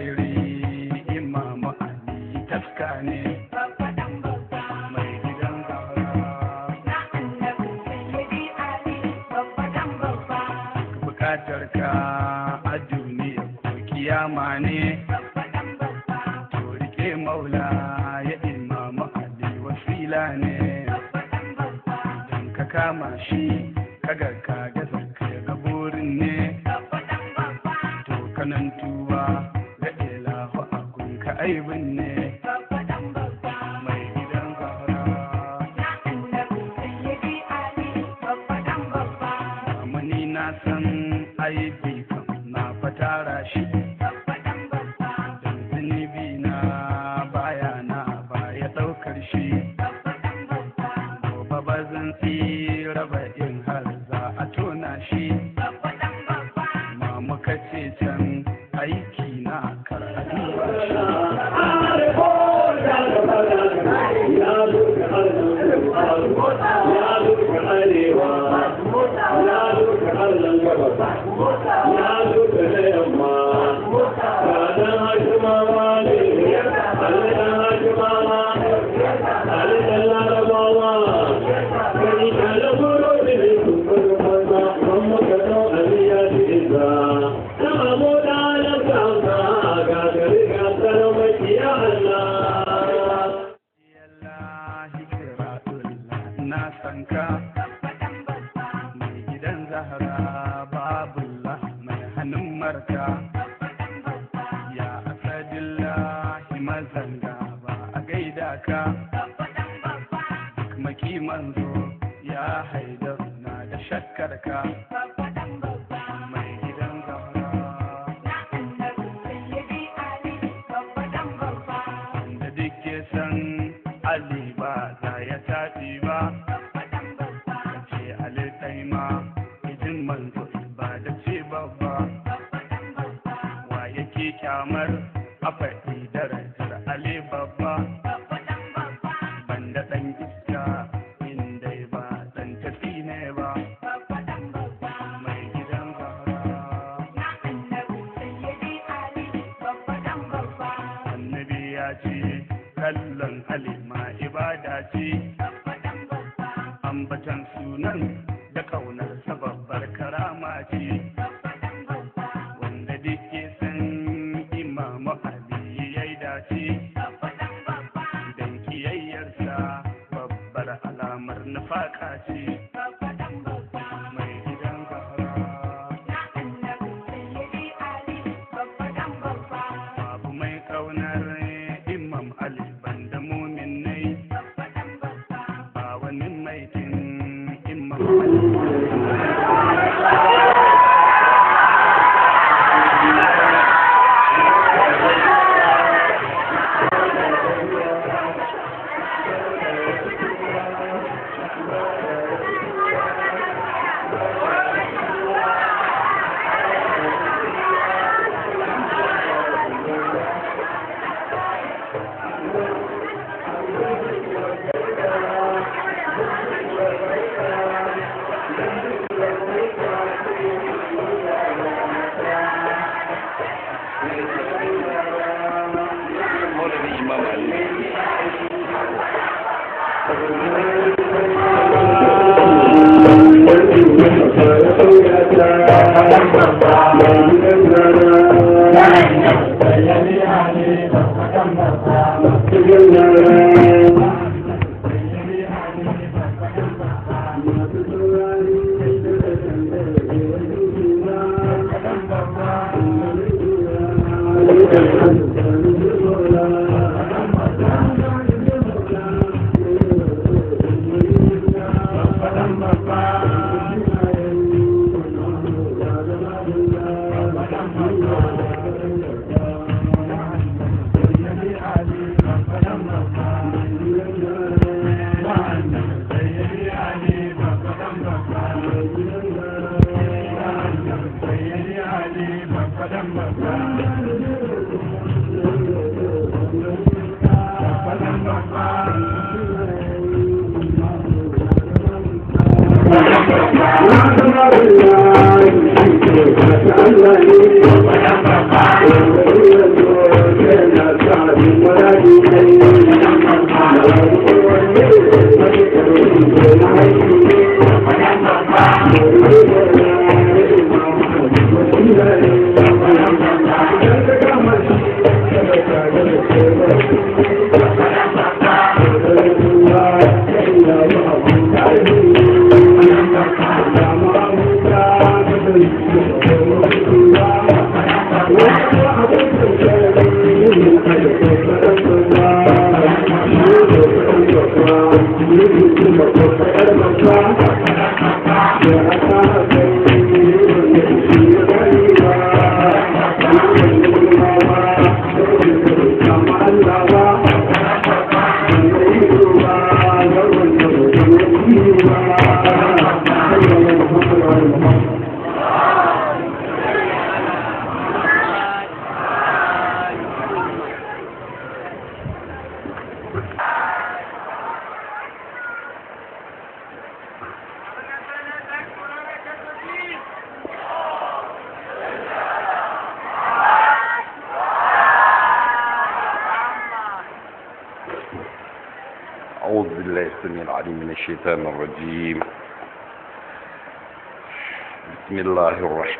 say ɗan sanda ba a gaida ka maki manzo ya haidar na da shakkar ka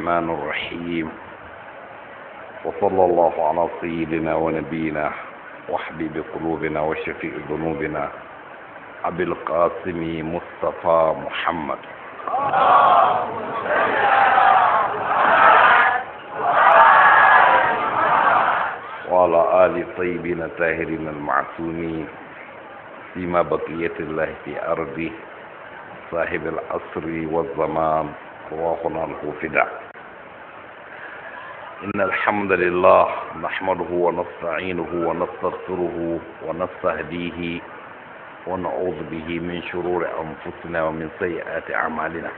الرحمن الرحيم وصلى الله على سيدنا ونبينا وحبيب قلوبنا وشفيء ذنوبنا أبي القاسم مصطفى محمد وعلى آل طيبين الطاهرين المعصومين فيما بقية الله في أرضه صاحب العصر والزمان رواحنا الخوف دع إن الحمد لله نحمده ونستعينه ونستغفره ونستهديه ونعوذ به من شرور أنفسنا ومن سيئات أعمالنا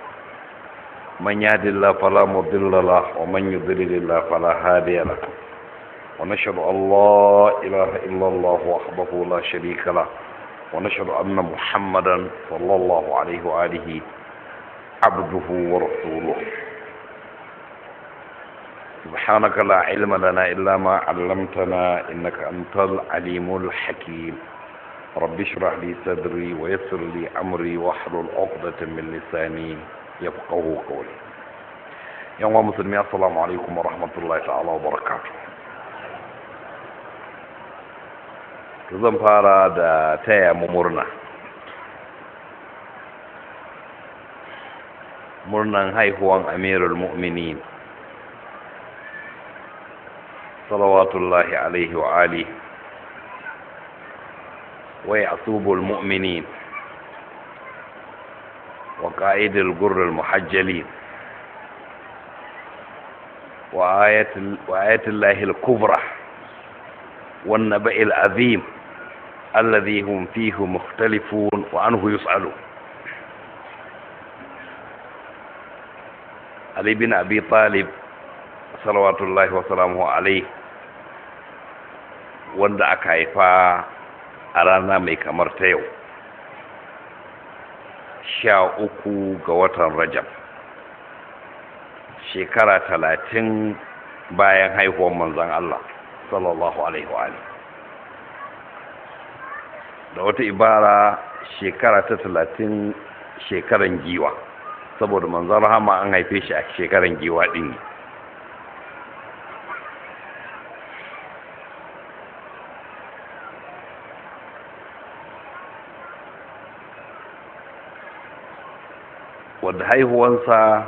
من يهد الله فلا مضل له ومن يضلل الله فلا هادي له ونشهد أن لا إله إلا الله وحده لا شريك له ونشهد أن محمدا صلى الله عليه وآله عبده ورسوله سبحانك لا علم لنا إلا ما علمتنا إنك أنت العليم الحكيم رب اشرح لي صدري ويسر لي أمري واحلل عقدة من لساني يفقه قولي يا مسلمين السلام عليكم ورحمة الله تعالى وبركاته zan fara da taya mu murna murnan haihuwan amirul mu'minin صلوات الله عليه وآله ويعطوب المؤمنين وقائد الجر المحجلين وآية, وآية الله الكبرى والنبأ العظيم الذي هم فيه مختلفون وعنه يسألون علي بن أبي طالب salawatullahi wasalamu alai wanda aka haifa a rana mai kamar ta yau sha uku ga watan rajab shekara talatin bayan haihuwar manzan Allah sallallahu alaihi wa da wata ibara shekara ta talatin shekaran giwa saboda manzan rahama an haife shi a shekaran giwa ɗin ne Wadda haihuwansa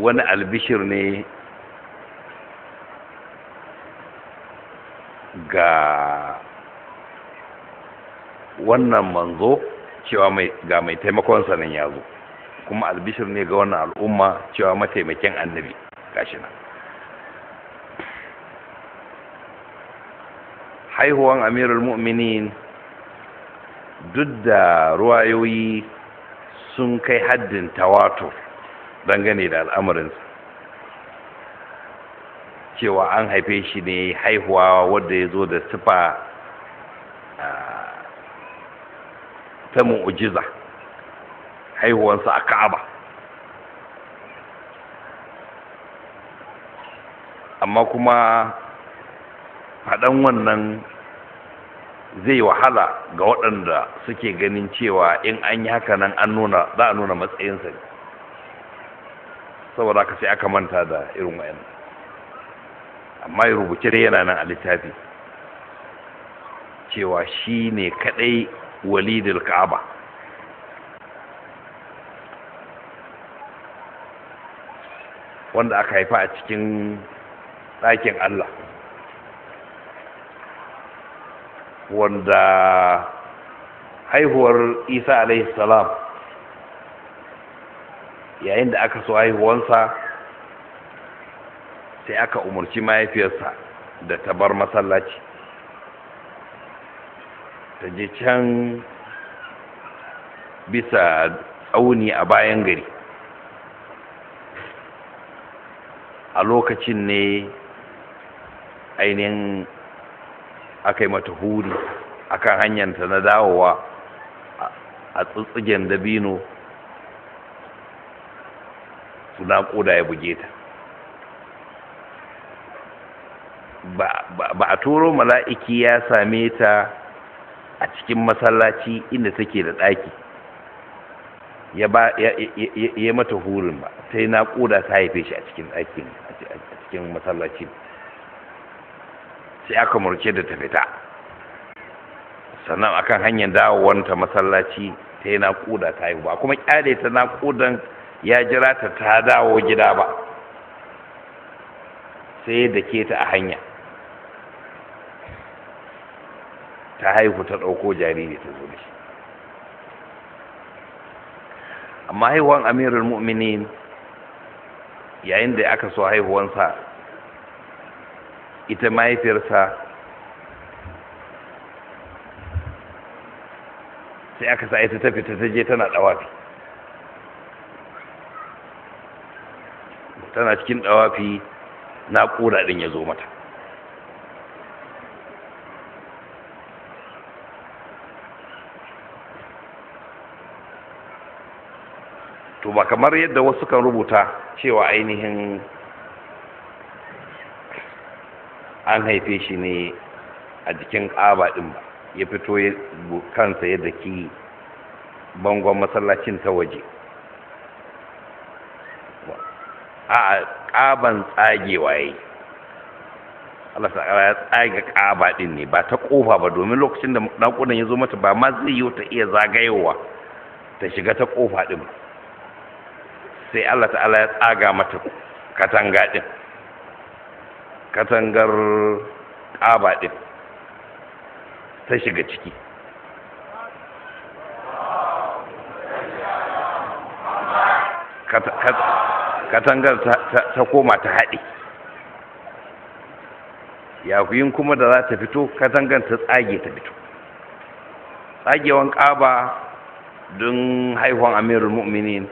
wani albishir ne ga wannan manzo cewa ga mai taimakonsa nan ya zo kuma albishir ne ga wannan al'umma cewa mataimakin annabi gashi nan haihuwan amirul mu'minin duk da ruwayoyi sun kai haddin wato dangane da al'amarin cewa an haife shi ne haihuwa wadda ya zo da sifa ta mu'ujiza haihuwansa a ka'aba amma kuma faɗan wannan zai wahala ga waɗanda suke ganin cewa in an yi haka nan an nuna za a nuna matsayinsa ne saboda ka sai aka manta da irin wayan amma ya rubuce da yana nan a littafi cewa shi ne kaɗai walidul ka'aba wanda aka haifa a cikin ɗakin Allah wanda haihuwar isa alaihi salam yayin da aka so haihuwansa sai aka umarci mahaifiyarsa da ta bar masallaci ta je can bisa tsauni a bayan gari a lokacin ne ainihin aka yi mata huri akan hanyarta na dawowa a tsitsigen dabino suna koda ya buge ta ba a turo mala'iki ya same ta a cikin masallaci inda take da ɗaki ya ba ya mata hurin ba sai na koda ta haife shi a cikin ɗakin a cikin masallacin sai aka murce da ta fita sannan akan hanyar ta masallaci ta yi naƙuda ta yi ba kuma ƙyale ta naƙudan ya jira ta ta dawo gida ba sai da ke ta a hanya ta haihu ta ɗauko jariri ta zo shi amma haihuwan amirul mu'minin yayin da aka so haihuwansa ita mahaifiyarsa sai aka sa ita ta fita ta je tana dawafi tana cikin ɗawafi na kura din ya zo mata to ba kamar yadda wasu kan rubuta cewa ainihin an haife shi ne a jikin ƙaba ɗin ba ya fito kansa ya daki bangon masallacin ta waje a ƙaban tsagewa ya yi Allah ya tsage ƙaba ɗin ne ba ta ƙofa ba domin lokacin da naƙudan ya zo mata ba ma zai yi ta iya zagayowa ta shiga ta ƙofa ɗin sai Allah ta'ala ya tsaga mata katanga ɗin katangar ƙaba ɗin ta shiga ciki katangar ta koma ta haɗe yakuyin kuma da za ta fito katangar ta tsage ta fito tsagewan ƙaba don haihuwan amirul mu'minin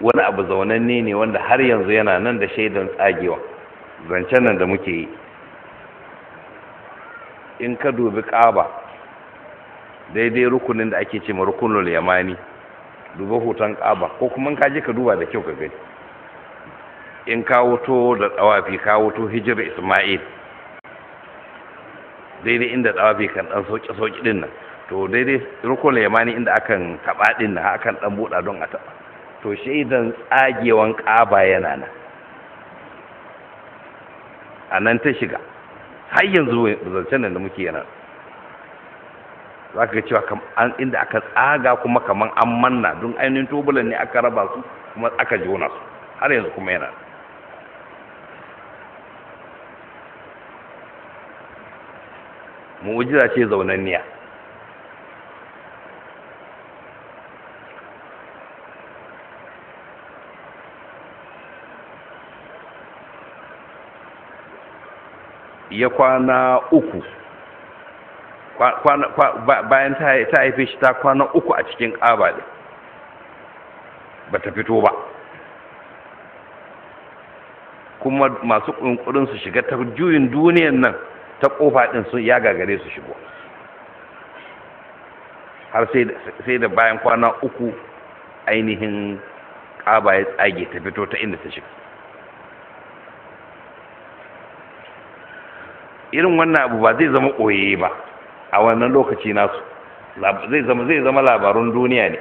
wani abu zaunanne ne wanda har yanzu yana nan da shaidan tsagewa zancen nan da muke yi in ka dubi ƙaba daidai rukunin da ake ce ma rukunin yamani duba hoton ƙaba ko kuma ka je ka duba da kyau ka gani in ka wuto da tsawafi ka wuto hijira isma'il daidai inda tsawafi kan ɗan sauki sauki din nan to daidai rukunul yamani inda akan taba din nan akan ɗan buɗa don a taɓa to shaidan tsagewan ƙaba yana nan a nan ta shiga har yanzu zancen nan da muke yana za ka cewa an inda aka tsaga kuma kamar an manna don ainihin tubulan ne aka raba su kuma aka jona su har yanzu kuma yana mu'ujiza ce zaunanniya ya kwana uku bayan ta haife shi ta kwana uku a cikin ƙaba ba ta fito ba kuma masu ƙunƙurin su shiga ta juyin duniyan nan ta ƙofa ɗin su ya gagare su shigo har sai da bayan kwana uku ainihin ƙaba ya tsage ta fito ta inda ta shiga irin wannan abu ba zai zama koye ba a wannan lokaci nasu zai zama zai zama labarun duniya ne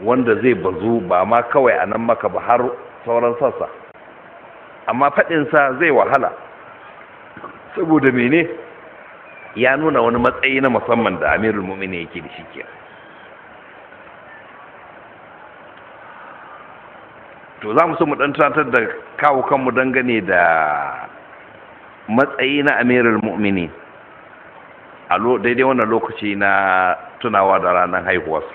wanda zai bazu ba ma kawai a nan maka ba har sauran sassa amma faɗinsa zai wahala saboda mene ya nuna wani matsayi na musamman da amirul mumini yake da shi ke to za mu so mu ɗan tunatar da kawo kanmu dangane da matsayi na amirul mu'mini a daidai wannan lokaci na tunawa da ranar haihuwarsa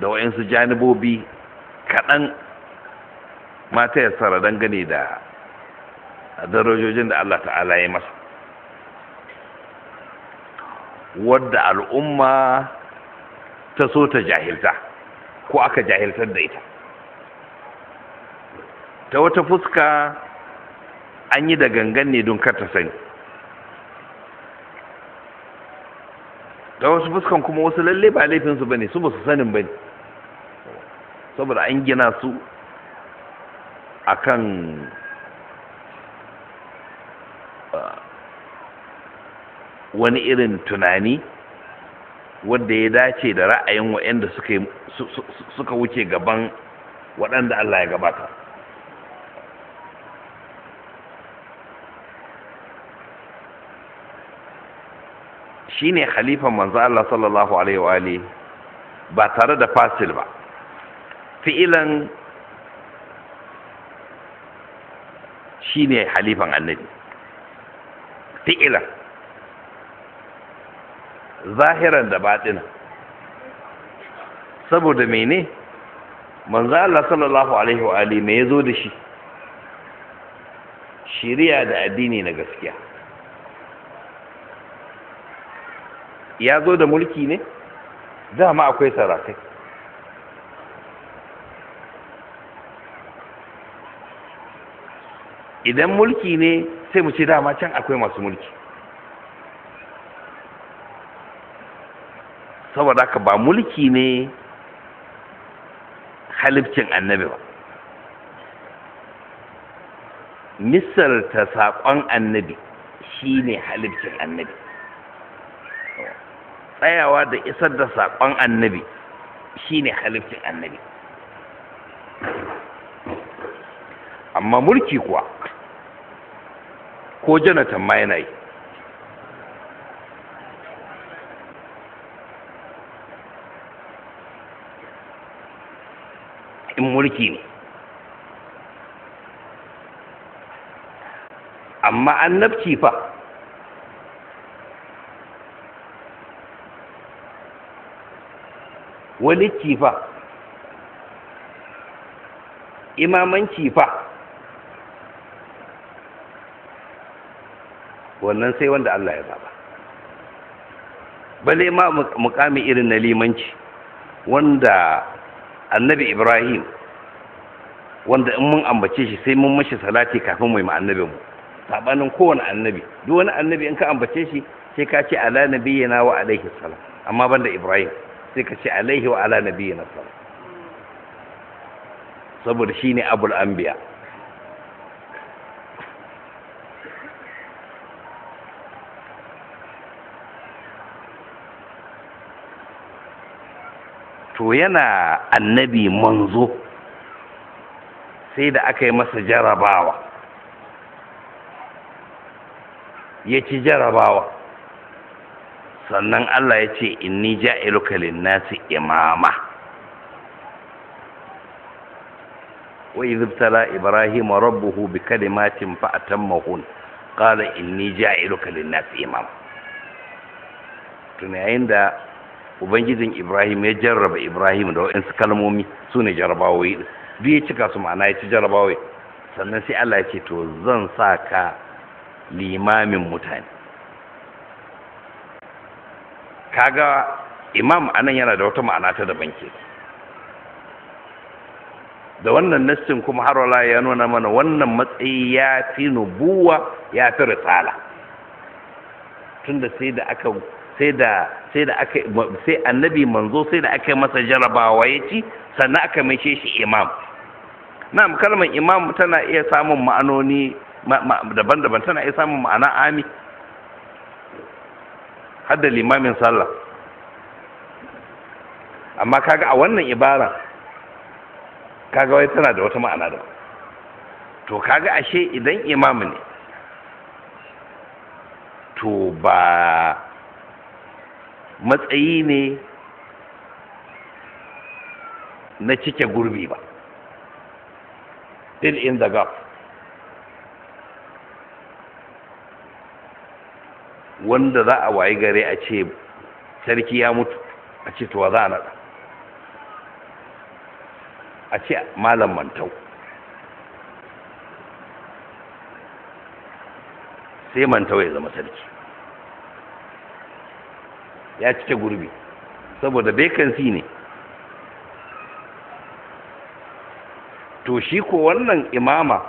da wa'insu janibobi kaɗan mata ya tsara dangane da darajojin da Allah ta'ala ya masa wadda al'umma ta so ta jahilta ko aka jahiltar da ita ta wata fuska an yi da gangan ne don kar ta sani ta wasu fuskan kuma wasu lalle ba laifinsu ba ne su ba su sanin ba ne saboda an gina su akan uh, wani irin tunani wanda ya dace da ra'ayin waɗanda suka suka wuce gaban waɗanda Allah ya gabata ne khalifan manzo Allah sallallahu alaihi wa alihi ba tare da fasil ba fi'ilan shi ne halifan annabi fi'ilan zahiran da baɗina saboda mene manzo Allah sallallahu alaihi wa alihi me yazo da shi shari'a da addini na gaskiya ya zo da mulki ne dama akwai sarakai idan mulki ne sai mu ce dama can akwai masu mulki saboda ka ba mulki ne halifcin annabi ba misalta saƙon annabi shi ne halifcin annabi tsayawa da isar da saƙon annabi shi ne halifcin annabi amma mulki kuwa ko janatan ma yana yi in mulki ne amma annabci fa walicci fa imamanci fa wannan sai wanda Allah ya zaba bale ma mukami irin na limanci wanda annabi ibrahim wanda in mun ambace shi sai mun mashi salati kafin mu yi annabin mu sabanin kowane annabi duk wani annabi in ka ambace shi sai ka ce ala nabiyyina wa alaihi salam amma banda ibrahim sai ka ce alaihi wa ala nabiyyina salam saboda shine abul anbiya To yana annabi manzo sai da aka yi masa jarabawa ya ci jarabawa sannan Allah ya ce inni ja'iluka linnasi imama wa idh ibrahim rabbuhu bi kalimatin fa atammahun qala inni ja'iluka linnasi imama tunayin da ubangijin ibrahim ya jarraba ibrahim da waɗansu kalmomi su ne jarabawoyi ɗin duk ya cika su ma'ana ya ci jarabawoyi sannan sai allah ya ce to zan sa ka limamin mutane kaga imam anan yana da wata ma'ana ta daban ke da wannan nassin kuma har wala ya nuna mana wannan matsayi ya fi nubuwa ya fi risala tunda sai da aka sai annabi manzo sai da aka yi masa jarabawa ya ci sannan aka mace shi imam na'am kalmar imam tana iya samun ma'anoni daban-daban tana iya samun ma'ana ami har limamin sallah amma kaga a wannan ibara kaga wai tana da wata ma'ana da to kaga ashe idan imam ne to ba matsayi ne na cike gurbi ba fill in the gap wanda za a wayi gare a ce sarki ya mutu a ce to za a naɗa a ce malam mantau sai mantau ya zama sarki ya cike gurbi saboda vacancy ne to shi ko wannan imama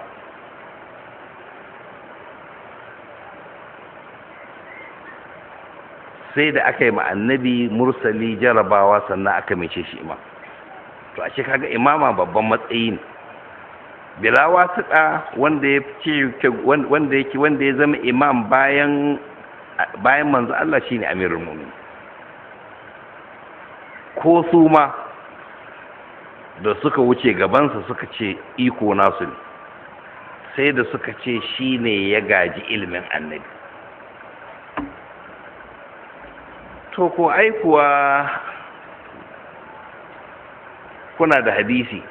sai da aka yi ma annabi mursali jarabawa sannan aka mece shi imam to a kaga imama babban matsayi ne bilawa suka wanda ya wanda ya zama imam bayan bayan manzo Allah shine amirul mu'minin ko su ma da suka wuce gabansa suka ce iko nasu ne sai da suka ce shi ne ya gaji ilimin annabi to ko aikuwa kuna da hadisi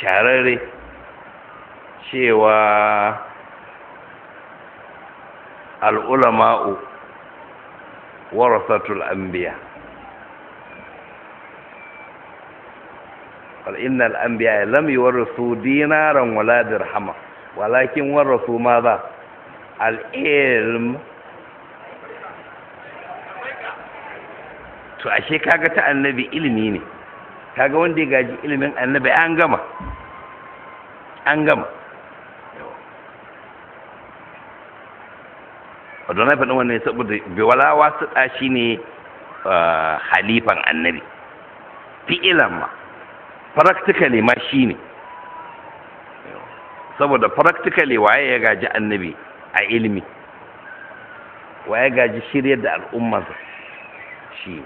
shararre cewa al'ulama'u warasatul anbiya wal innal anbiya lam yuwarrisu dinaran wala dirhama walakin warrasu madha al ilm to ashe kaga ta annabi ilimi ne kaga wanda ya gaji ilimin annabi an gama an gama wadda na faɗin wannan saboda biwala wasu ɗashi ne halifan annabi fi ilan ma practically ma shi ne saboda practically waye ya gaji annabi a ilimi waye gaji shiryar da al'ummarsa shi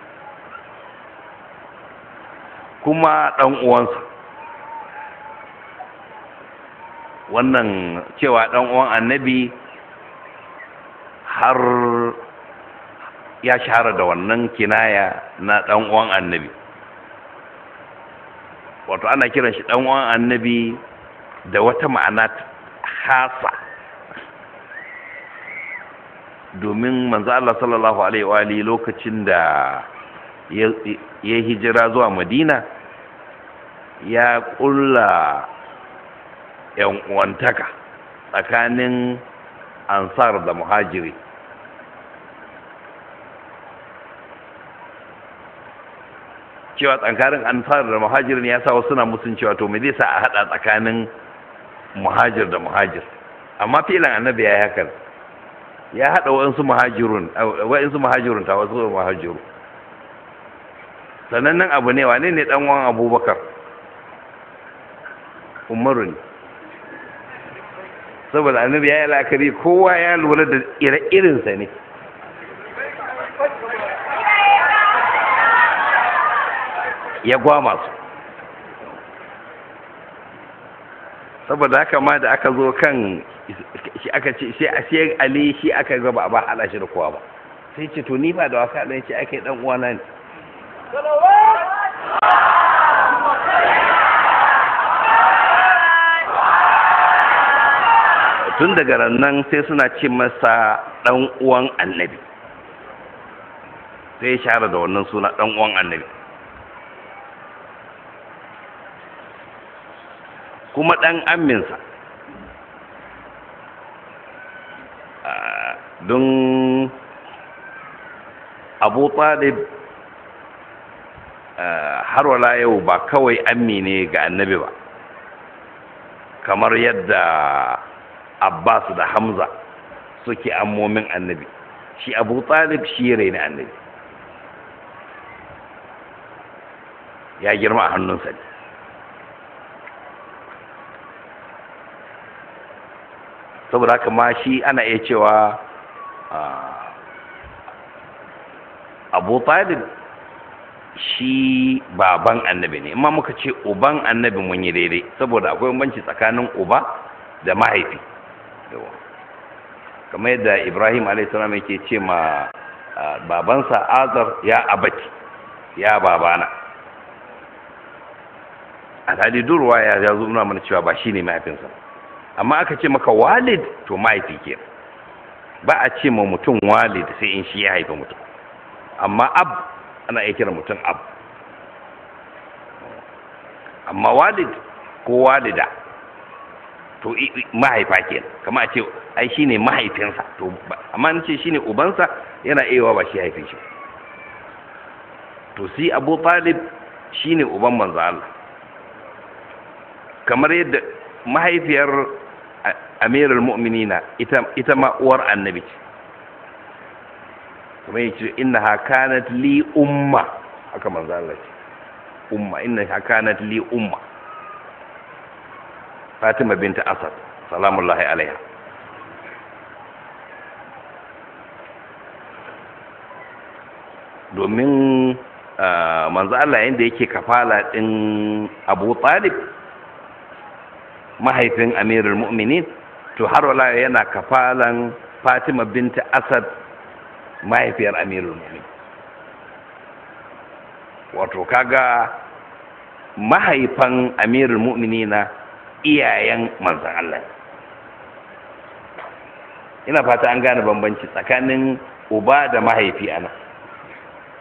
kuma ɗan uwansa wannan cewa ɗan uwan annabi har ya shahara da wannan kinaya na ɗan uwan annabi wato ana kiran shi dan uwan annabi da wata ma'ana hasa domin manzo Allah sallallahu alaihi wa alihi lokacin da ya hijira zuwa Madina ya kulla yan uwantaka tsakanin ansar da muhajiri cewa tsakanin ansar da muhajirin ya sa wasu na musun cewa to me zai sa a hada tsakanin muhajir da muhajir amma filan annabi ya haka ya hada wa'ansu muhajirun wa'ansu muhajirun ta wasu muhajiru sannan nan abu ne wane ne dan wan abubakar umaru ne saboda annabi ya yi la'akari kowa ya lura da ire-irinsa ne ya gwama su saboda haka ma da aka zo kan shi aka ce sai a sai ali shi aka ga ba ba hada shi da kowa ba sai ce to ni ba da wasa dan shi ake dan na ne tun daga nan sai suna ce masa dan uwan annabi sai ya shahara da wannan suna dan uwan annabi kuma ɗan amminsa don abu talib har wala yau ba kawai ammi ne ga annabi ba kamar yadda abbas da hamza suke ammomin annabi shi abu talib shi na annabi ya girma a hannunsa ne saboda haka ma shi ana iya cewa abu talib shi baban annabi ne amma muka ce uban annabi mun yi daidai saboda akwai banci tsakanin uba da mahaifi kamar yadda ibrahim alaihissalam yake ce ma babansa azar ya abati ya babana tadi durwa ya zo nuna mana cewa ba shi ne mahaifinsa amma aka ce maka walid to mahaifi ke ba a ce ma mutum walid sai in shi ya haifi mutum amma ab ana iya kira mutum ab amma walid ko walida to mahaifa ke kama a ce ai ne mahaifinsa to amma ce ce ne ubansa yana iya ba shi haifin shi to si abu talib shi ne uban manzo Allah kamar yadda mahaifiyar amirul mu'minina ita ita ma uwar annabi ce kuma yace inna hakanat li umma haka manzo Allah ce umma inna hakanat li umma Fatima binta Asad salamullahi alaiha domin ah, manzo Allah yanda yake kafala din Abu Talib mahaifin amirul mu'minin to har wala yana kafalan fatima binta asad mahaifiyar amirul mu'minin wato kaga mahaifan amirul na iyayen manzan Allah ina fata an gane bambanci tsakanin uba da mahaifi ana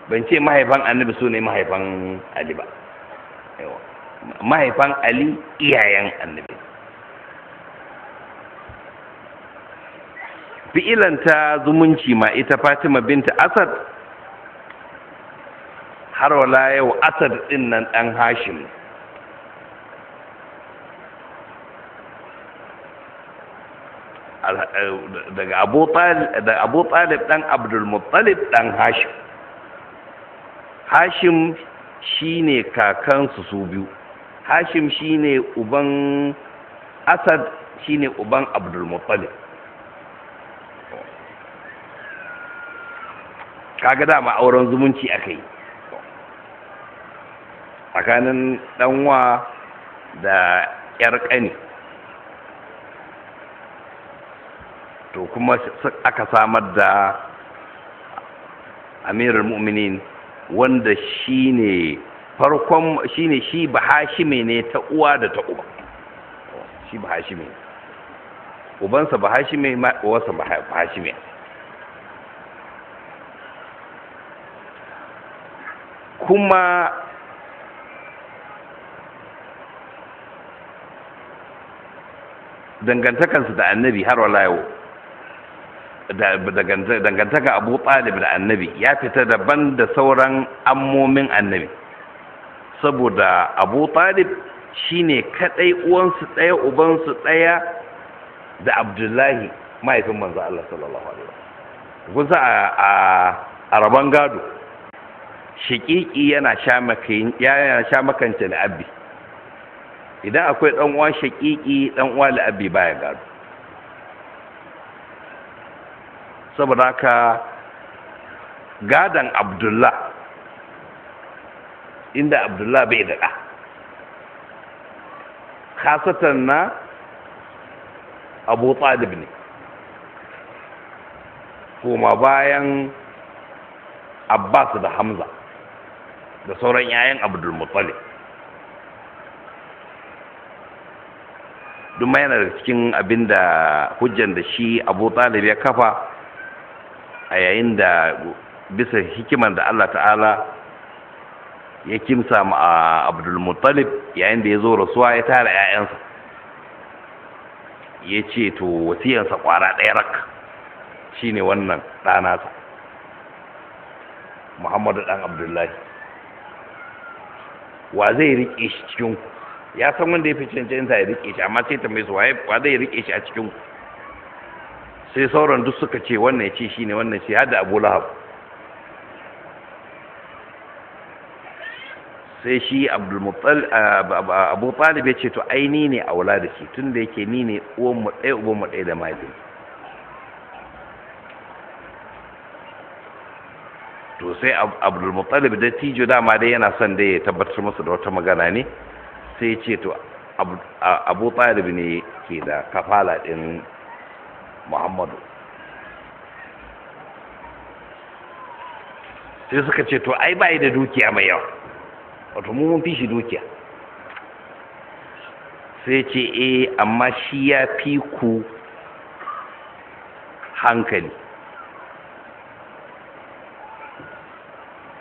ban ce mahaifan annabi su ne mahaifan ali ba mahaifan ali iyayen annabi fi'ilanta zumunci ma ita fatima binta asad har wala yau asad din nan dan hashim eh, daga abu talib ɗan muttalib ɗan hashim hashim shine kakansu su biyu hashim shine uban asad shine uban Abdul muttalib kaga dama auren zumunci akai Akanin tsakanin ɗanwa da ƴar ƙani to kuma aka samar da amirul mu'minin wanda shi ne farkon shi ne shi bahashime ne ta uwa da ta uba shi bahashime ubansa bahashime uwarsa bahashime kuma dangantakansu da annabi har wala yau dangantaka abu talib da annabi ya fita daban da sauran ammomin annabi saboda abu talib shine kadai uwansu daya ubansu daya da abdullahi mahaifin manzo Allah sallallahu alaihi wasallam kusa a a rabon gado shiƙiƙi yana sha makayin la'abi idan akwai ɗan uwa shaƙiƙi ɗan uwa la'abbi baya gado saboda ka gadon abdullah inda abdullah bai daɗa ɗa na abu talib ne kuma bayan abbas da hamza da sauran 'ya'yan abdulmuttalib duk ma yana da cikin abin da hujjan da shi abu talib ya kafa a yayin da bisa hikiman da allah ta'ala ya kimsa ma a Abdul abdulmuttalib yayin da ya zo rasuwa ya tara 'ya'yansa ya ce to wasiyansa kwara ɗaya rak shine wannan ɗanasa muhammadu ɗan abdullahi wa zai rike shi cikin ku ya san wanda ya fi cancanta ya rike shi amma sai mai su wa zai rike shi a cikin ku sai sauran duk suka ce wannan ya ce shi ne wannan shi, hada abu lahab sai shi abu talib ya ce to aini ne a wula da shi tun da yake ni ne uwan mu ɗaya uban mu ɗaya da mahaifin to sai abdul muttalib da tijo dama dai yana son dai ya tabbatar musu da wata magana ne sai ce to abu talib ne ke da kafala din muhammadu sai suka ce to ai bai da dukiya mai yawa wato mu mun fi shi dukiya sai ce eh amma shi ya fi ku hankali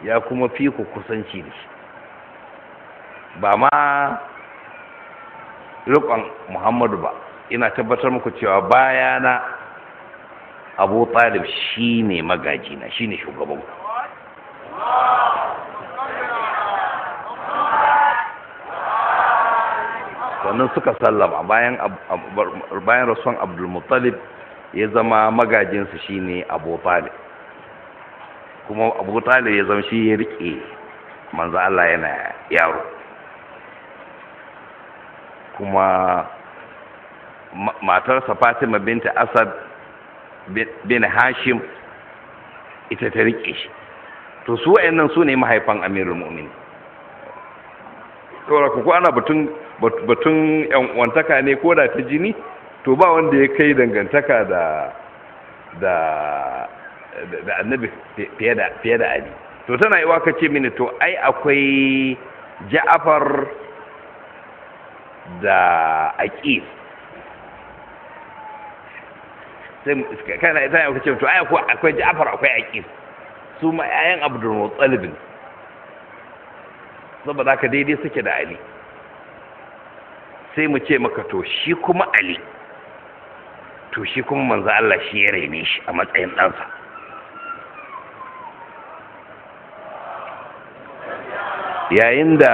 ya kuma fi ku kusanci da shi ba ma rikon muhammadu ba ina tabbatar muku cewa bayana abu talib shi ne magajina shi ne ku. sannan suka sallama bayan rasuwan abdulmuttalib ya zama magajinsu ne abu talib kuma abu talib ya zama shi ya riƙe manzo Allah yana yaro kuma matarsa fatima binta asad bin hashim ita ta riƙe shi to su wayannan su ne mahaifan amirul mu'min saboda ku ana batun batun yan wantaka ne ko da ta jini to ba wanda ya kai dangantaka da da da annabi fiye da ali to tana yi waka ce mini to ai akwai ja'afar da aqil sai kana tana yi waka ce to ai akwai ja'afar akwai aqil su ma 'ya'yan abdul tsalibin saboda haka daidai suke da ali sai mu ce maka to shi kuma ali to shi kuma manzo Allah shi ya raine shi a matsayin ɗansa yayin da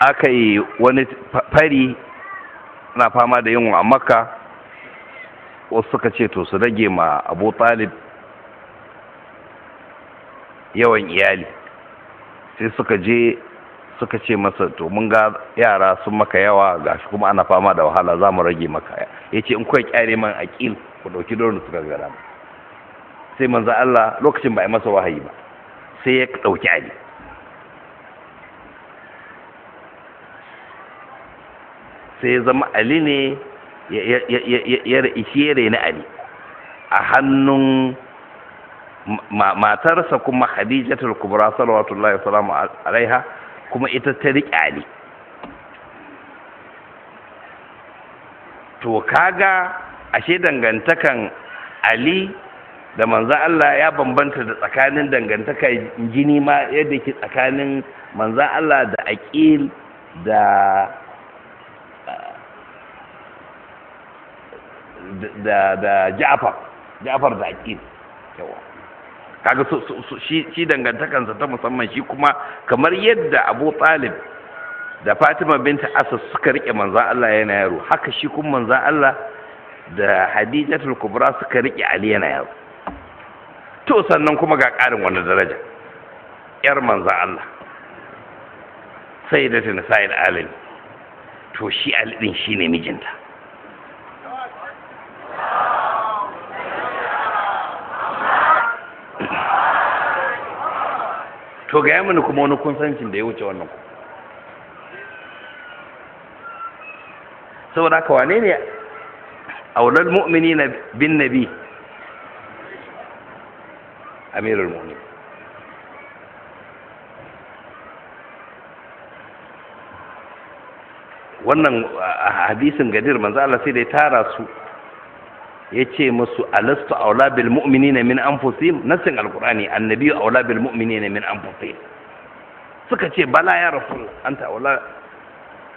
aka yi wani fari na fama da yunwa a makka wasu suka ce to su rage ma abu talib yawan iyali sai suka je suka ce masa to mun ga yara sun maka yawa gashi kuma ana fama da wahala za mu rage maka ya ce in kuwa kyare man aƙil ku ɗauki doron su gara sai manzo Allah lokacin ba a masa wahayi ba sai ya ɗauki ali sai ya zama ali ne ya na ali a hannun matarsa kuma khadijatul kubra salawatullahi salamu alaiha kuma ita ta riƙe ali to kaga ashe dangantakan ali da manzan Allah ya bambanta da tsakanin dangantaka jini ma yadda ke tsakanin manzan Allah da aƙil da da da Ja'far Ja'far da aƙil yawa kaga shi shi dangantakansa ta musamman shi kuma kamar yadda Abu Talib da Fatima binta asas suka rike manzan Allah yana yaro haka shi kuma manzan Allah da Hadijatul Kubra suka rike Ali yana yaro to sannan kuma ga ƙarin wani daraja yar manzan Allah sai da tana sa'id alali to shi alidin shi ne mijinta to ga mini kuma wani kunsancin da ya wuce wannan ku saboda haka wane ne aulal mu'minina bin nabi amirul المؤمنين wannan ah, hadisin gadir manzo Allah sai da ya tara su ya ce musu alastu aula bil mu'minina min anfusihim nasin alqur'ani annabi aula bil mu'minina min anfusihim suka ce bala ya rasul anta aula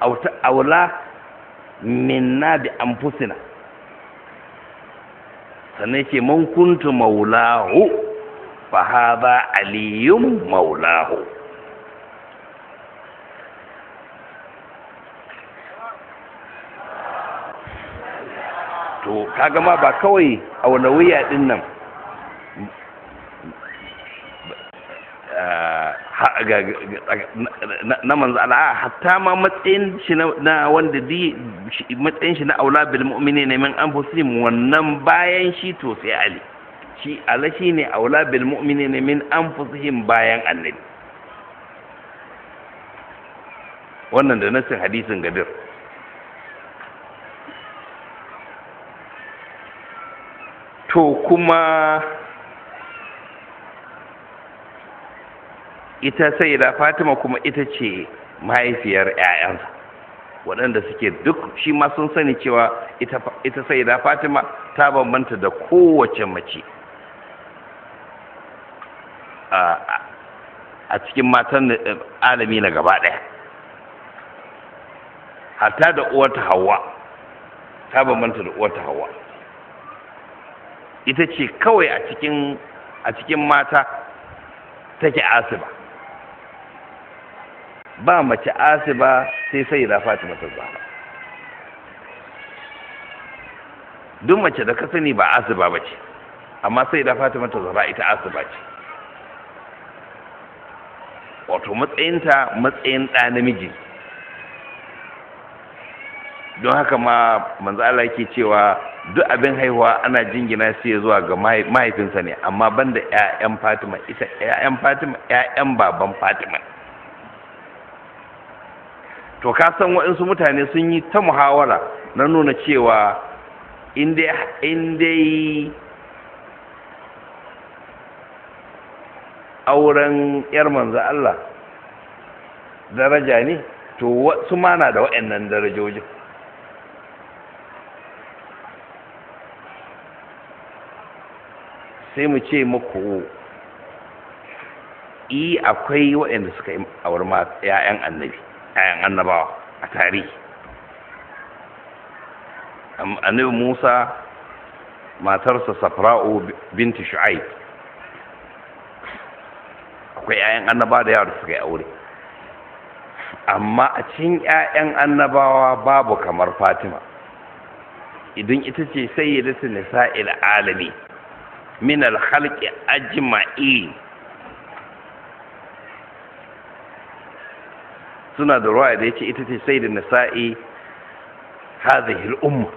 auta aula minna bi anfusina sannan ce mun kuntu maulahu fa hadha aliyun maulahu to kaga ma ba kawai aulawiya din nan na manzo Allah hatta ma matsayin shi na wanda di matsayin shi na aula bil mu'minin ne min anfusihim wannan bayan shi to sai ali shi ala shi ne aula bil ne min anfusihim bayan annabi wannan da nasin hadisin gadir to kuma ita sai da fatima kuma ita ce mahaifiyar 'ya'yansa waɗanda suke duk shi ma sun sani cewa ita sai da fatima ta bambanta da kowace mace a cikin matan alami na gaba ɗaya hatta da uwarta hawa ta bambanta da uwarta hawa ita ce kawai a cikin a cikin mata take asiba ba mace asiba sai sai da fatima ta zama duk mace da ka sani ba asiba ba ce amma sai da fatima ta zama ita asiba ce wato matsayinta matsayin ɗa namiji don haka ma manzo Allah yake cewa duk abin haihuwa ana jingina shi zuwa ga mahaifinsa ne amma banda ƴaƴan Fatima ita ƴaƴan Fatima ƴaƴan baban Fatima to ka san waɗansu mutane sun yi ta muhawara na nuna cewa in dai auren yar manzo Allah daraja ne to su ma na da wa'annan darajojin sai mu ce muku i akwai waɗanda suka yi aure ma 'ya'yan annabi 'ya'yan annabawa a tarihi annabi musa matarsa safra'u binti shu'aib akwai 'ya'yan annaba da yawa da suka yi aure amma a cikin 'ya'yan annabawa babu kamar fatima idan ita ce sayyidatu nisa'il alami min alhalqi ajma'i suna da ruwa da yace ita ce sayyidatu nisa'i hadhihi al-umma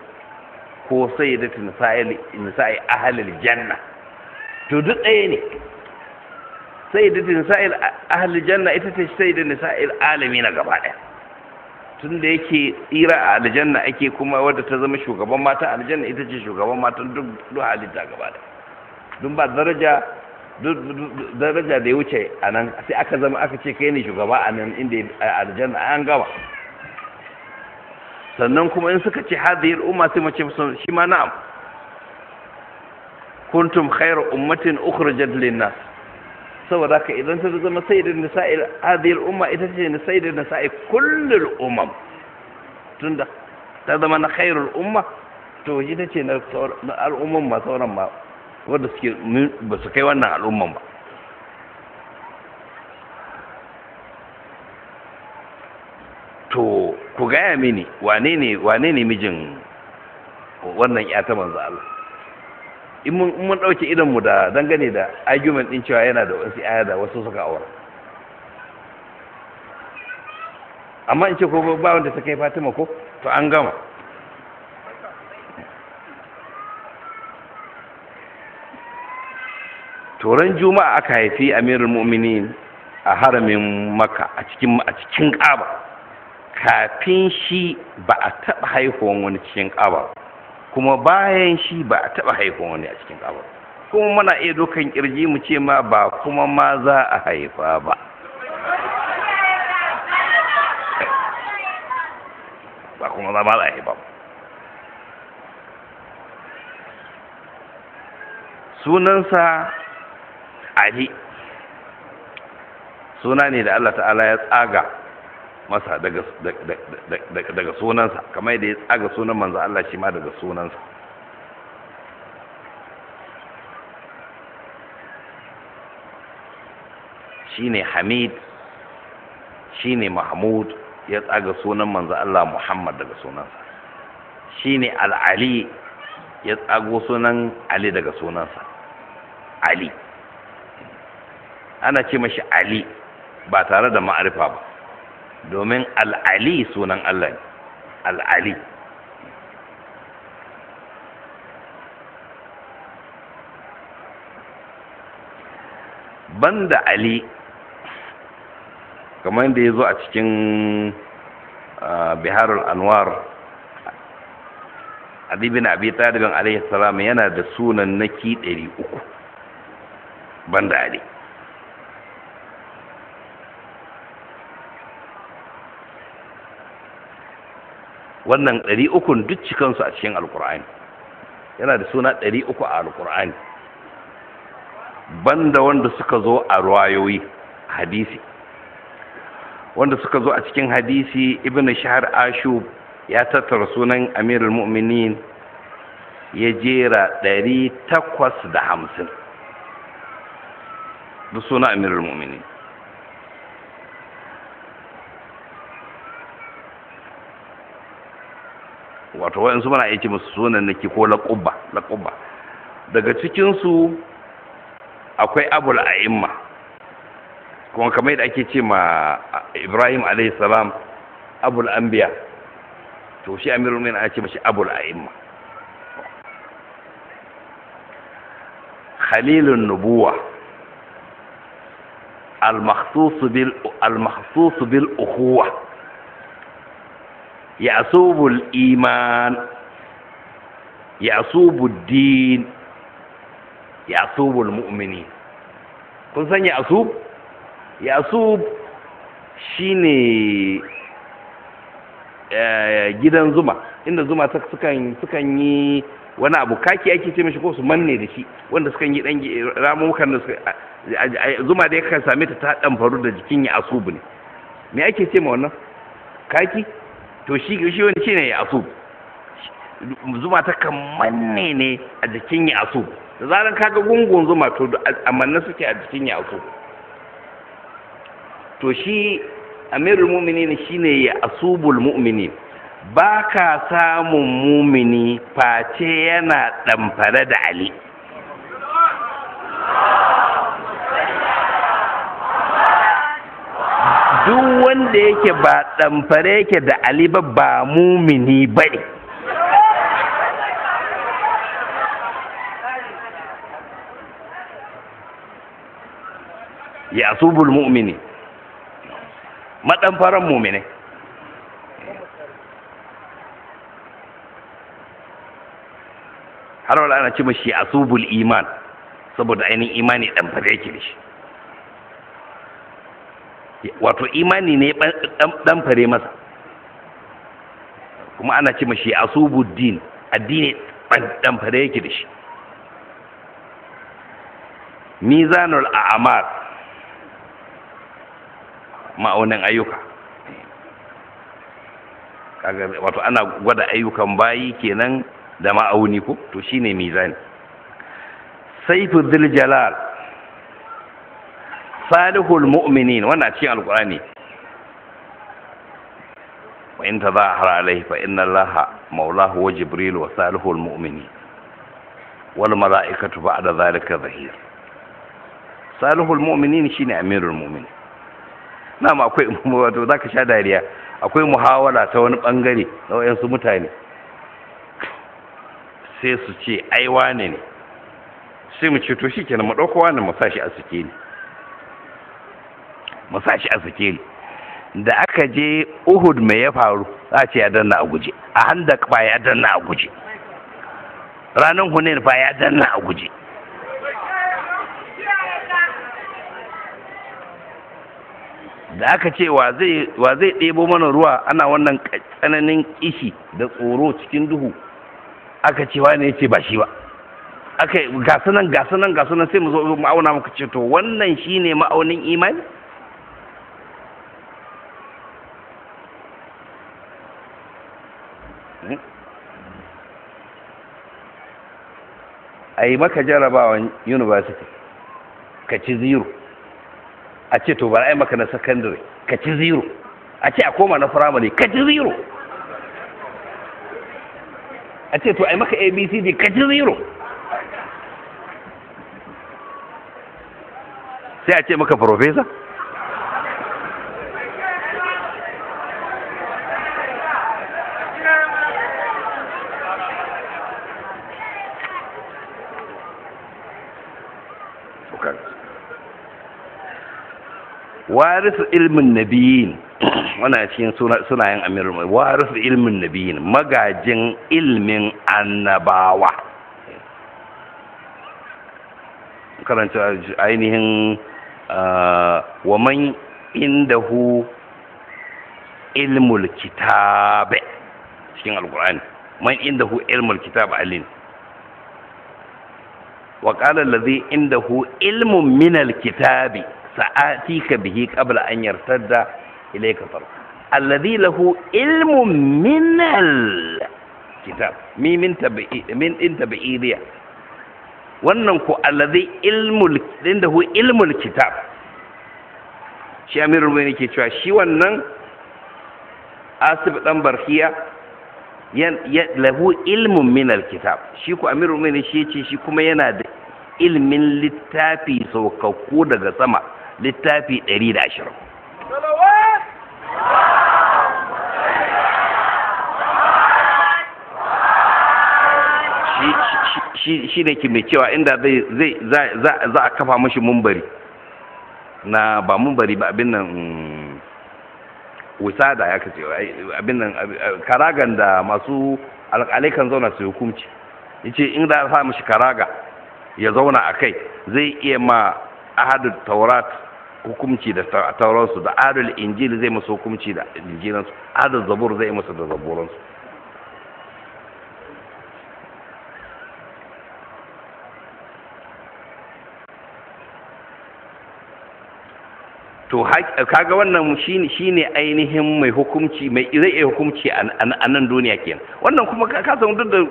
ko sayyidatu nisa'i nisa'i ahli al-janna to duk ɗaya ne sayyidatin nisa'il ahli janna ita ce sa'il nisa'il na gaba daya tun da yake tsira a aljanna ake kuma wadda ta zama shugaban mata aljanna ita ce shugaban mata duk halitta gaba daya dun ba daraja daraja da ya wuce a nan sai aka zama aka ce kai ne shugaba a nan inda aljanna an gaba sannan kuma in suka ce hadhihi umma sai mace shi ma na'am kuntum khairu ummatin ukhrijat lin-nas saboda ka idan ta zama sayyidin nisa'i hadhihi umma ita ce ni sayyidin nisa'i kullul umam tunda ta zama na khairul umma to ita ce na al'umman ma sauran ma wanda suke ba su kai wannan al'umman ba to ku gaya mini wane ne wane ne mijin wannan ya ta manzo Allah in mun ɗauke idanmu da dangane da argument ɗin cewa yana da wasu aya da wasu suka aura amma in ce ko ba wanda ta kai fatima ko to an gama turan juma'a aka haifi amirul mu'minin a haramin maka a cikin a cikin kaba kafin shi ba a taɓa haihuwan wani cikin kaba ba kuma bayan shi ba a taɓa haifan wani a cikin kabar kuma muna iya dokan ƙirji mu ce ma ba kuma ma za a haifa ba ba kuma za ma za a haifa ba sunansa ali suna ne da Allah ta'ala ya tsaga masa daga sunansa kamar yadda ya tsaga sunan manzo Allah shi ma daga sunansa shine Hamid shine Mahmud ya tsaga sunan manzo Allah Muhammad daga sunansa shine Al-Ali ya tsago sunan Ali daga sunansa Ali ana ce mashi Ali ba tare da ma'arifa ba domin al'ali sunan Allah ne al'ali banda ali kamar da ya zo a cikin biharul anwar Ali bin Abi Talibin alaihi salam yana da sunan naki 300 banda Ali wannan ɗari ukun duk cikansu a cikin alkur'ani yana da suna ɗari uku a alkur'ani banda wanda suka zo a ruwayoyi hadisi wanda suka zo a cikin hadisi ibn shahar ashu ya tattara sunan amirul mu'minin ya jera ɗari takwas da hamsin duk suna amirul mu'minin wato wayansu mana aiki musu sunan naki ko laqubba laqubba daga cikin su akwai abul a'imma kuma kamar yadda ake ce ma Ibrahim alayhi salam abul anbiya to shi amirul mu'minin ake ce mashi abul a'imma khalilun nubuwa al-makhsus bil al-makhsus bil ukhuwah ya asubul iman ya asubul din ya asubul mu'mini kun san ya asub ya asub shine gidan zuma inda zuma sukan sukan yi wani abu kaki ake ce mishi ko su manne da shi wanda sukan yi dan ramukan da zuma da yakan same ta ta dan faru da jikin ya asubu ne me ake ce ma wannan kaki to shi shi wani shi ne ya asu zuma ta kan manne ne a jikin ya asu da zaran kaga gungun zuma to manne suke a jikin ya asu to shi amirul mu'minin ne ya asubul mu'mini ba ka samun mumini face yana ɗamfare da ali duk wanda yake ba ɗamfare yake da ali ba ba mumini ba ne ya subul mu'mini maɗamfaran mumini har wala ana ce mashi asubul iman saboda ainihin imani ɗamfare yake da shi wato imani ne dan fare masa kuma ana ce mashi asubuddin addini dan fare yake da shi mizanul Amar ma'aunin ayyuka wato ana gwada ayyukan bayi kenan da ma'auni ko to shine mizani saifu dhil jalal salihul mu'minin wannan cikin alqur'ani wa in tazahara alayhi fa inna allaha maulahu wa jibril wa salihul mu'minin wal mala'ikatu ba'da zalika zahir salihul mu'minin shine amirul mu'minin na'am akwai wato zaka sha dariya akwai muhawala ta wani bangare na wayansu mutane sai su ce ai wane ne sai mu ce to shikenan mu dauko wani mu sashi a suke ne mu sa shi a sikeli da aka je uhud mai ya faru za ce ya danna a guje a handa ba ya danna a guje ranar hunain ba ya danna a guje da aka ce wa zai ɗebo mana ruwa ana wannan tsananin kishi da tsoro cikin duhu aka ce ne ya ce ba shi ba aka yi gasunan gasunan gasunan sai mu zo ma'auna muka ce to wannan shine ma'aunin imani a yi maka jarabawan university ka ci zero a ce to bari a yi maka na secondary ka ci zero a ce a koma na firamare ka ci zero a ce to a yi maka abcd ka ci zero sai a ce maka professor warisu ilmin nabiyin wana cikin sunayen amir mai warisu ilmin nabiyin magajin ilmin annabawa karanta ainihin wa man inda hu ilmul kitabe cikin alkur'ani man inda hu ilmul kitab alin wa qala allazi indahu ilmun minal kitabi sa'atika bihi qabla an yartadda ilayka tarf alladhi lahu ilmun min kitab mi min tabi min intabiyya wannan ko alladhi ilmul hu ilmul kitab shi amirul mu'minin ke cewa shi wannan asib dan barkiya lahu ilmun min alkitab shi ku amirul mu'minin shi ce shi kuma yana da ilmin littafi sokakku daga sama littafi ɗari da ashirin shi ne ke mai cewa inda zai za a kafa mashi mumbari na ba mumbari ba abin nan wisada ya kace abin nan karagan da masu alƙalai kan zauna su hukunci yace in za a sa mashi karaga ya zauna a kai zai iya ma ahadu taurat Hukumci da tauransu da adal injil zai musu hukumci da injilansu adal zabur zai musu da zaburansu to kaga wannan shine shine ainihin mai hukumci mai zai iya hukumci a nan duniya kenan wannan kuma ka san duk da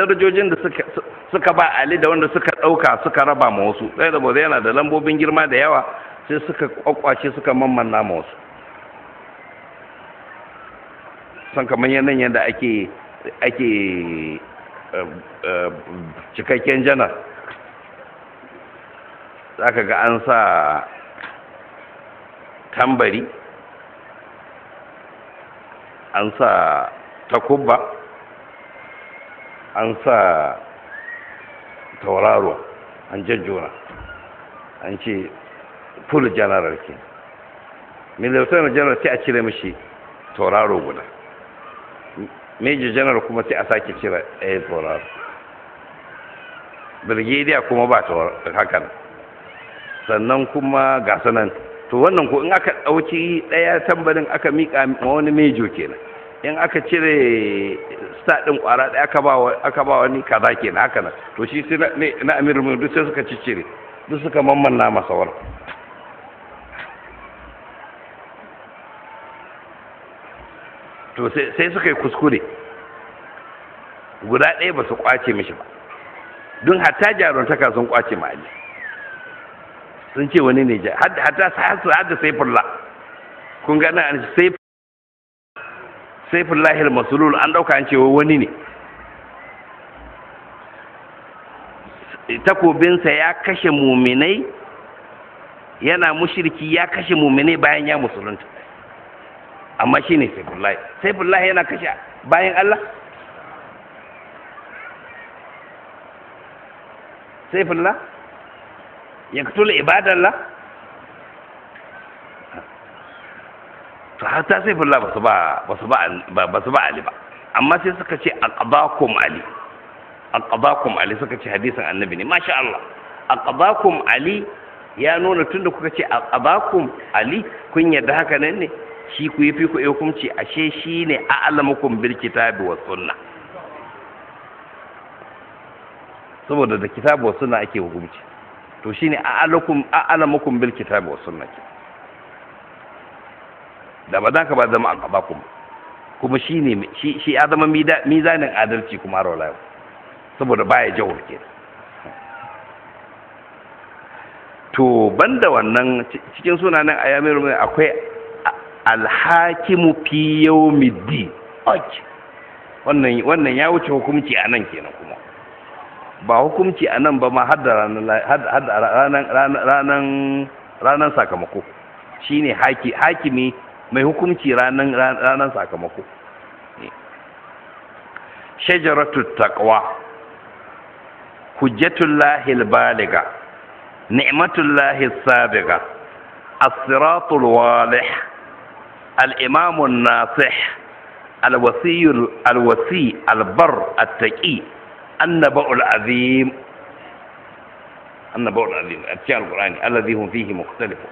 darajojin da suka suka ba ali da wanda suka dauka suka raba ma wasu sai da yana da lambobin girma da yawa sai suka kwakwace suka mamman namu wasu san kamar yanayin yadda ake ake eh, eh, cikakken janar za ka ga an sa tambari an sa takubba an sa tauraro an jajjona an ce full general ke mai general sai a cire mishi tauraro guda major general kuma sai a sake cire ɗaya tauraro birgidiya kuma ba hakan sannan kuma ga sanan to wannan ko in aka ɗauki ɗaya tambarin aka miƙa wani mejo kenan in aka cire sta ɗin ƙwara ɗaya aka ba wani kaza kenan haka nan to shi sai na amirul duk sai suka ciccire duk suka mamman masa wani to sai suka yi kuskure guda ɗaya ba su kwace mishi ba don hatta jaruntaka sun kwace ma ali sun ce wani ne hatta hatta sai fulla kun gana an sai saifin lahir masulul an ɗauka an cewa wani ne takobinsa ya kashe muminai yana mushirki ya kashe muminai bayan ya musulunta amma shi ne saifullahi saifullahi yana kashe bayan Allah saifullahi ya kutula ibadallah to har ta hata ba su ba su ba Ali ba amma sai suka ce aqdakum Ali aqdakum Ali suka ce hadisan annabi ne masha Allah aqdakum Ali ya nuna tunda kuka ce aqdakum Ali kun yarda haka nan ne shi ku yi fi ku hukunci ashe shi ne a birki bil kitabi wa sunna saboda da kitabu wa sunna ake hukunci to shi ne a birki bil kitabi wa sunna ke da ba za ka ba zama alƙabakum kuma shi ne shi ya zama mizanin adalci kuma har wala saboda baya jawar ke to banda wannan cikin sunanan ayamiru akwai alhakimu fi yawmiddi wannan wannan ya wuce hukumci a nan kenan kuma ba hukumci a nan ba ma har ranar sakamako shi ne hakimi mai hukumci ranar sakamako shajaratu taqwa hujjatullahi albaliga ni'matullahi sabiga as-siratul walih الإمام الناصح الوصي الوصي البر التقي النبأ العظيم النبأ العظيم أتشاء القرآن الذي هم فيه مختلفون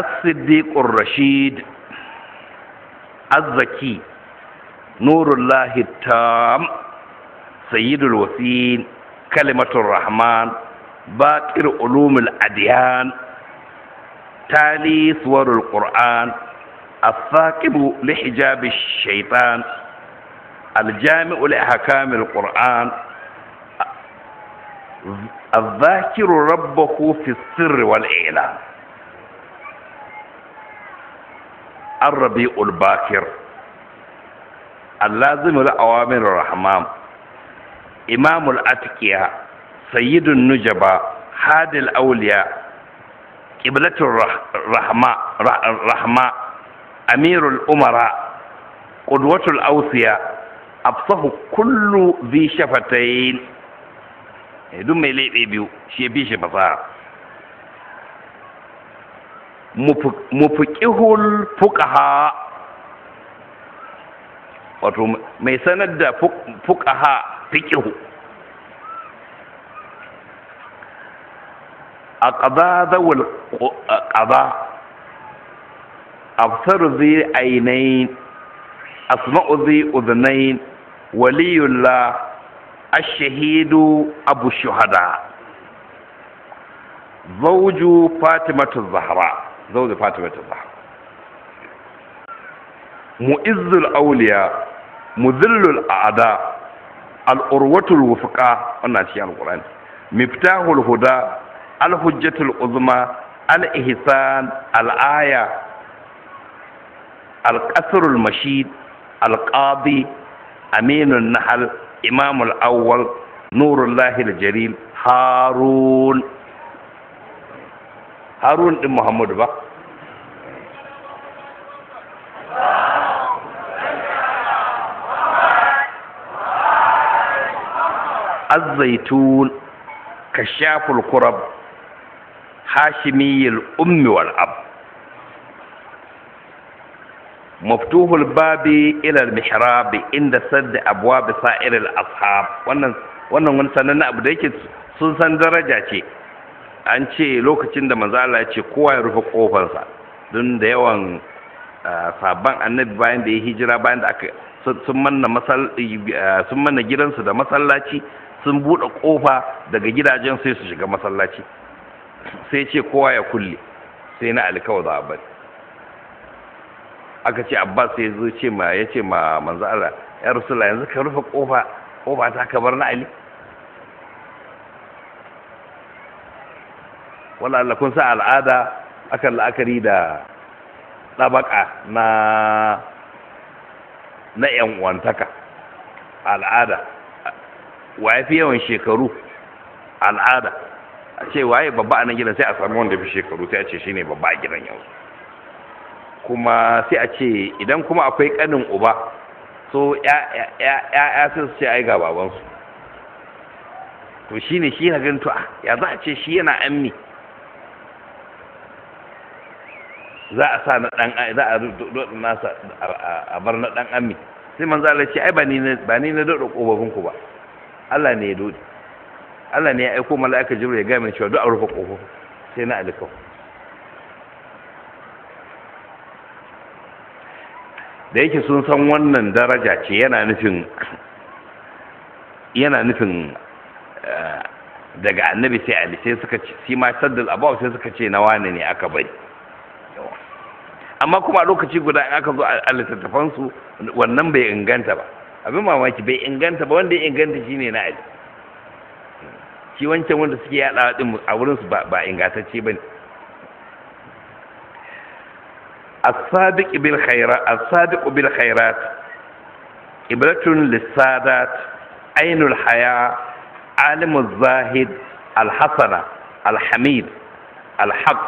الصديق الرشيد الزكي نور الله التام سيد الوسين كلمة الرحمن باكر علوم الأديان تالي صور القرآن الثاقب لحجاب الشيطان الجامع لأحكام القرآن الذاكر ربه في السر والإعلان الربيع الباكر اللازم لأوامر الرحمن إمام الأتقياء سيد النجبة هاد الأولياء قبلة الرحمة رحمة أمير الأمراء قدوة الأوصياء أبصه كل ذي شفتين دم لي بيو شي بي شي بصا مفقه الفقهاء وتو يسند فقهاء فقهه القضاء ذو القضاء أبصر ذي عينين أسمع ذي أذنين ولي الله الشهيد أبو الشهداء زوج فاطمة الزهراء زوج فاطمة الزهراء مؤز الأولياء مذل الأعداء الأروة الوفقى أنا القرآن مفتاح الهدى الحجة العظمى الإحسان الآية القصر المشيد القاضي أمين النحل إمام الأول نور الله الجليل هارون هارون بن محمد بقى الزيتون كشاف الكرب hashimiyil ummi wal ab maftuhul babi ila al-mihrab inda sadda abwab sa'ir al-ashab wannan wannan wani sananna abu da yake sun san daraja ce an ce lokacin da manzo Allah ya ce kowa ya rufe kofarsa don da yawan ah, sabon annabi bayan da ya hijira bayan da aka sun manna masal ah, sun manna gidansu da masallaci sun buɗe kofa daga gidajen sai su shiga masallaci sai ce kowa ya kulle sai na alkawar da abbas aka ce abbas sai zo ce ma ya ce ma manzo Allah ya rasula yanzu ka rufe kofa kofa ta ka bar na ali wala Allah kun sa al'ada akan la'akari da ɗabaka na na yan uwantaka al'ada wa ya fi yawan shekaru al'ada a ce waye babba a nan gidan sai a samu wanda fi shekaru sai a ce shine babba a gidan yanzu kuma sai a ce idan kuma akwai kanin uba so ya sai su ce ai ga su to shine shi na ganto a ah, ya za a ce shi yana ammi za a sa na dan za a dodo nasa a bar na dan ammi sai manzo Allah ya ce ai ba ni ba ni na dodo kofofin ku ba Allah ne ya dodo Allah ne ya aiko mala'ika jibril ya gaya mai cewa duk a rufe kofo sai na alikau da yake sun san wannan daraja ce yana nufin yana nufin eh, daga annabi sai ali sai suka ce shi ma saddal abaw sai suka ce na wane ne aka bari amma kuma a lokaci guda in aka zo a littattafansu wannan bai inganta ba abin mamaki bai inganta ba wanda ya inganta shine na ali shi wancan wanda suke yaɗa din a wurin su ba ba ingantacce bane as-sadiq bil khaira as-sadiq bil khairat ibratun lis-sadat ainul haya alimul zahid al-hasana al-hamid al-haq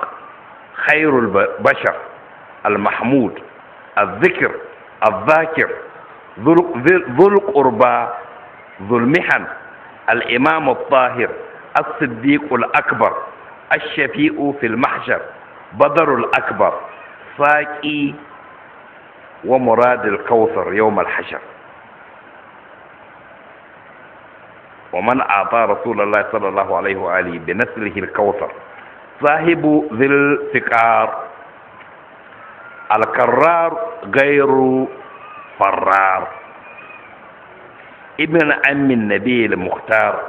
khairul bashar al-mahmud al-dhikr al-dhakir ذو القربى الإمام الطاهر الصديق الأكبر الشفيء في المحشر بدر الأكبر ساقي ومراد الكوثر يوم الحشر ومن أعطى رسول الله صلى الله عليه وآله بنسله الكوثر صاحب ذي الفقار الكرار غير فرار ابن عم النبي المختار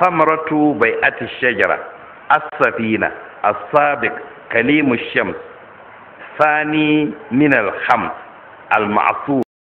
ثمرة بيعة الشجرة السفينة السابق كليم الشمس ثاني من الخمس المعصوم